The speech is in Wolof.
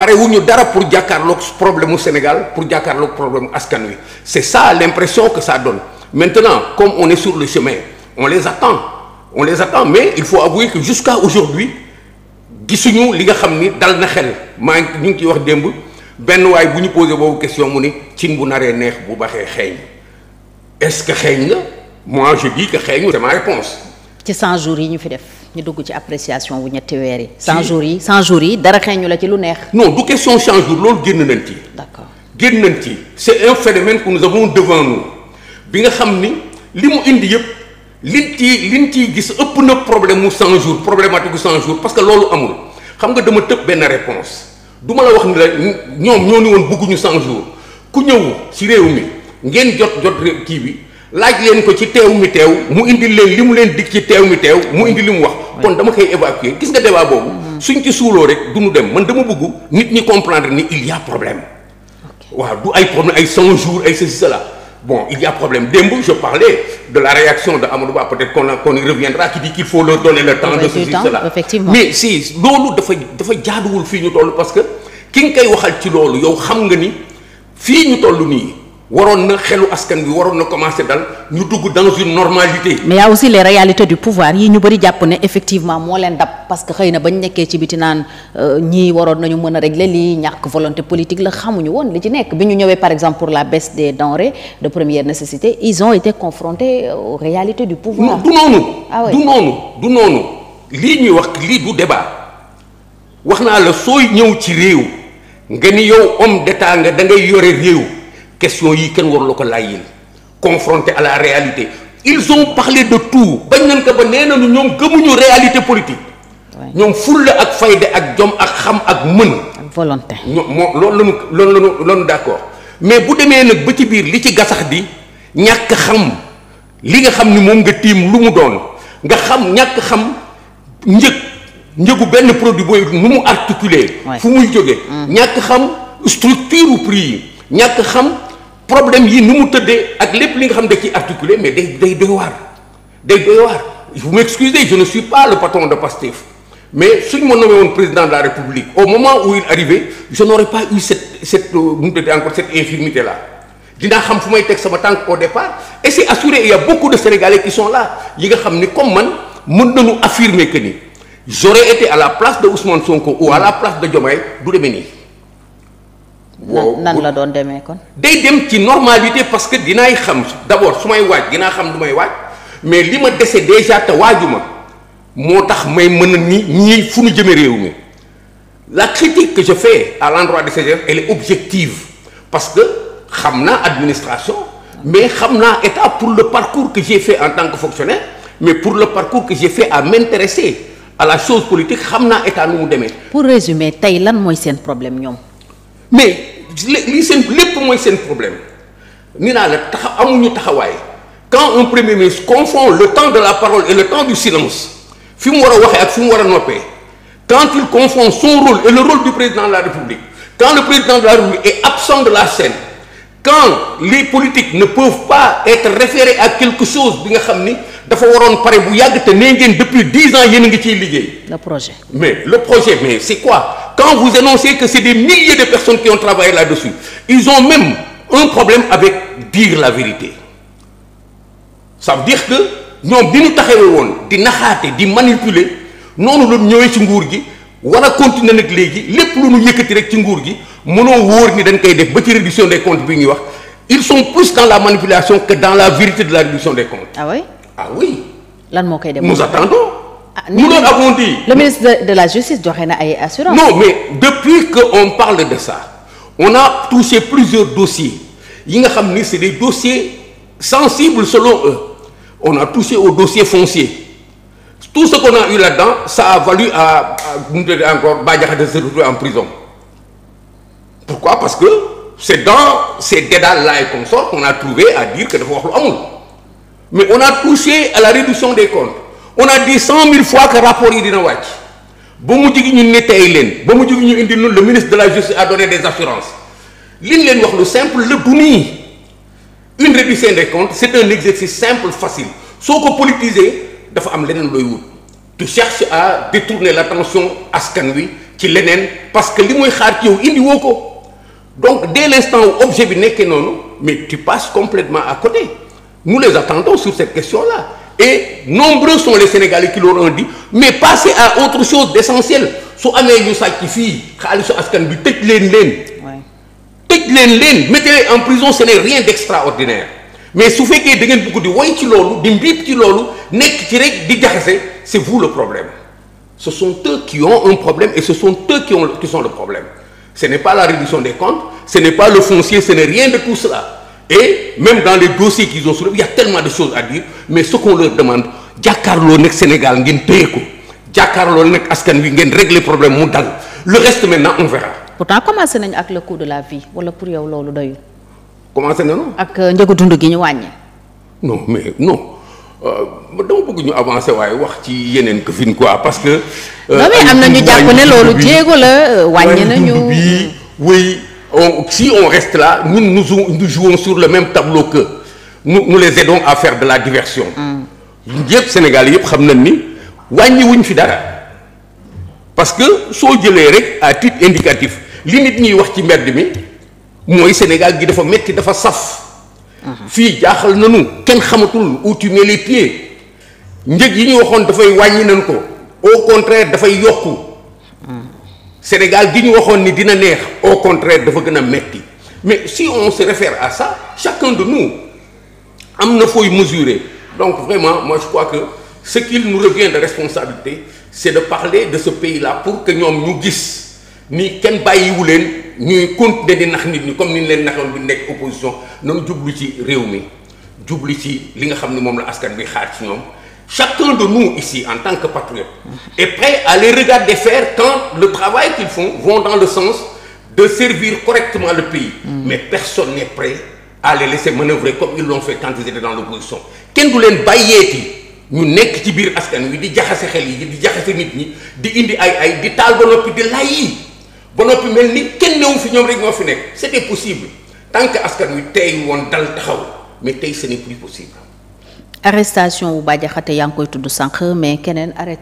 pare wuñu dara pour jàkkaarloog problème mu Sénégal pour jàkkaarlook problème askan wi c'est ça l'impression que ça donne maintenant comme on est sur le chemin on les attend on mais il faut avouer que jusqu'à aujourd'hui gisuñu li nga xam ni dal na xel maa ngi ñu ngi ciy wax démb benn waay bu ñu posé boobu question mu ni ci bu naree neex bu baxee xeeñ est-ce que xeeñ na moi je dis que xeeñu c'est ma réponse ci 100 jours yi ñu fi def ñu dugg ci appréciation wu ñetti weer yi. 100 jours yi 100 jours yi dara xeeñu la ci lu neex. non du question 100 jours loolu génn nañ ci. d'accord génn nañ ci. c'est un phénomène que nous avons devant nous bi nga xam ni li mu indi yëpp liñ ciy liñ ciy gis ëpp na problème mu 100 jours problématique gu 100 parce que loolu amul xam nga dama tëb benn réponse du ma la wax ni la ñoom ñoo ni woon bëgguñu 100 jours ku ñëw ci réew mi ngeen jot jot kii bi. laaj leen ko ci teew mi teew mu indi leen li mu leen dig ci teew mi teew mu indi li mu wax kon dama koy évacuer gis nga demaa boobu mm. suñ ci suuloo rek du ñu dem man dama bëgg nit ñi comprendre ni il y a problème waaw du ay problème ay 100 jours ay ceci cela bon il y a problème démb je parlais de la réaction de Amadou Ba peut-être na qu'on y reviendra qui dit qu'il faut leur donner le temps de ceci cela mais si loolu dafa dafa jaaduwul fii ñu toll parce que ki nga koy ci loolu yow xam nga ni fii ñu toll nii waroon na xelu askan bi waroon na commencer dal ñu dugg dans une normalité. mais y a aussi les réalités du pouvoir yi ñu bëri jàpp ne effectivement moo leen dab parce que xëy na ba nekkee ci biti naan euh, ñii waroon nañu mën a régler lii ñàkk volonté politique la xamuñu woon li ci nekk bi ñu ñëwee par exemple pour la baisse des denrées de première nécessité ils ont été confrontés euh, aux réalités du pouvoir. du noonu. ah oui du noonu du noonu lii ñuy wax lii du débat wax naa la sooy ñëw ci réew nga ni yow homme d'état nga da ngay yore réew. question yi kenn la ko laajil confronté à la réalité ils ont parlé de tout bañ nañ ko ba nee nañu ñoom gëmuñu réalité politique. ñoom fulla ak fayda ak jom ak xam ak mën. ak loolu lañu loolu lañu loolu mais bu demee nag ba ci biir li ci gasax di ñàkk xam li nga xam ni moom nga tiim lu mu doon nga xam ñàkk xam njëg njëgu benn produit booy nu mu articuler fu muy jóge mm. ñàkk xam structure prix yi ñàkk xam. problème yi nu mu tëddee ak lépp li nga xam da ciy articulé mais day day doy waar day doy waar vous m'excusez je ne suis pas le patron de Pastef mais suñ ma nommé président de la République au moment où il arrivait je n'aurais pas eu cette cette euh, nu mu encore cette infirmité là dinaa xam fu may teg sama tànk au départ et c'est assuré il y a beaucoup de Sénégalais qui sont là yi nga xam ni comme man mën nañu affirmer que ni j'aurais été à la place de Ousmane Sonko ou à la place de Diomaye du wow nan la doon demee kon. day dem ci normalité parce que dinaay xam d'abord su may waaj dinaa xam lu may waaj mais li ma dese déjà te waajuma moo tax may mën na ni ñii fu ñu jëme réew mi la critique que je fais à l'endroit de ces gens objective parce que xam naa administration mais xam naa état pour le parcours que j'ai fait en tant que fonctionnaire mais pour le parcours que j'ai fait à m'intéresser à la chose politique xam naa état nu mu demee. pour résumer tey lan mooy ñoom. mais lii seen lépp mooy seen problème ni naa la taxa amuñu taxawaay quand un premier ministre confond le temps de la parole et le temps du silence fi mu war a waxee ak fi mu war a noppee quand il confond son rôle et le rôle du président de la République quand le président de la République est absent de la scène quand les politiques ne peuvent pas être référés à quelque chose bi nga xam ni dafa waroon pare bu yàgg te nee ngeen depuis dix ans yéen ngi ciy liggéey. le projet mais le projet quoi. quand vous annoncez que c'est des milliers de personnes qui ont travaillé là-dessus ils ont même un problème avec dire la vérité ça veut dire que ñoom bi ñu taxawee woon di naxaate di manipuler noonu la ñëwee ci nguur gi war a continuer nag léegi lépp lu ñu yëkkati rek ci nguur gi mënoo wóor ni dañ koy def ba ci réduction des comptes bi ñuy wax ils sont plus dans la manipulation que dans la vérité de la réduction des comptes. Ah, ah oui lan moo koy dem nous attendons. mu doon apponti le ministre de la justice joxe ay assurance non mais depuis que on parle de ça on a touché plusieurs dossiers yi nga xam ni c'est des dossiers sensibles selon eux on a touché au dossier foncier tout ce qu'on a eu là-dedans ça a valu à bu ñu tuddee encore Bah Diakhaté se en prison pourquoi parce que c'est dans ces dédales-là et consorts qu'on a trouvé à dire que dafa wax mais on a touché à la réduction des comptes on a dit cent mille fois que rapport yi dina wàcc ba mu jigi ñu nettey leen ba mu jigi ñu indi nun le ministre de la justice a donné des assurances liñ leen wax lu simple la du nii une seen des comptes c'est un exercice simple facile soo ko politiser dafa am leneen looy wut tu cherches à détourner l'attention askan wi ci leneen parce que li mooy xaar ci yow indi woo ko donc dès l'instant où objet bi nekkee noonu mais tu passes complètement à côté nous les attendons sur cette question-là et nombreux sont les Sénégalais qui leur ont dit mais passez à autre chose d'essentiel su amee ñu sàcc fii xaalisu askan bi tëj leen leen tëj leen leen mettez-les en prison ce n'est rien d'extraordinaire mais su fekkee da ngeen bëgg di woy ci loolu di mbiib ci loolu nekk ci rek di jaxase c'est vous le problème ce sont eux qui ont un problème et ce sont eux qui sont le problème ce n'est pas la réduction des comptes ce n'est pas le foncier ce de tout cela et même dans les dossiers qu'ils ont soulevés il y de choses à dire mais ce qu'on leur demande jàkkaarloo nekk Sénégal ngeen téye ko jàkkaarloo nekk askan wi ngeen régler problème mu dal le reste maintenant on verra. pourtant commencé nañu ak le coût de la vie wala pour yow loolu doyul. commencé nañu. ak euh, njëgu dund gi ñu wàññi. no mais non. Euh, dama bëgg ñu avancer waaye wax ci yeneen këfin quoi parce que. Euh, non mais am na ñu jàpp ne loolu jéego la wàññi on si on reste là ñun nous, nous nous jouons sur le même tableau que nous nous les aidons affaire de la diversion. Mm. yëpp Sénégal yëpp xam nañ ni wàññi wuñ fi dara parce que soo jëlee rek à titre indicatif li nit ñiy wax ci mbedd mi mooy Sénégal gi dafa metti dafa saf. Mm-hmm. fii jaaxal nañu kenn xamatul où tu mets njëg yi ñu waxoon dafay wàññi nañ ko au contraire dafay yokku. Sénégal gi ñu waxoon ni dina neex au contraire dafa gën a metti mais si on se réfère à chaque chacun de nous am na fooy mesurer donc vraiment moi je crois que ce qu'il nous revient de responsabilité c'est de parler de ce pays-là pour que ñoom ñu gis ni kenn bàyyiwu leen ñuy continuer di nax nit ñi comme ni leen naxoon bi nekk opposition noonu jublu ci réew mi jublu ci li nga xam ne moom la askan bi xaar ci ñoom chacun de nous ici, en tant que patriote, est prêt à les regarder faire quand le travail qu'ils font vont dans le sens de servir correctement le pays. Mmh. Mais personne n'est prêt à les laisser manœuvrer comme ils l'ont fait quand ils étaient dans l'opposition. kenn du leen bàyyeeti ñu nekk ci biir askan wi di jaxase xel yi di jaxase nit ñi di indi ay ay di taal ba noppi di lay yi ba noppi mel ni kenn newu fi ñoom rek ñoo fi nekk c'était possible tant que askan wi tey woon dal taxaw mais tey ce n'est arrestation wu Bah Diakhaté yaa ngi koy tudd sànq mais keneen arrêté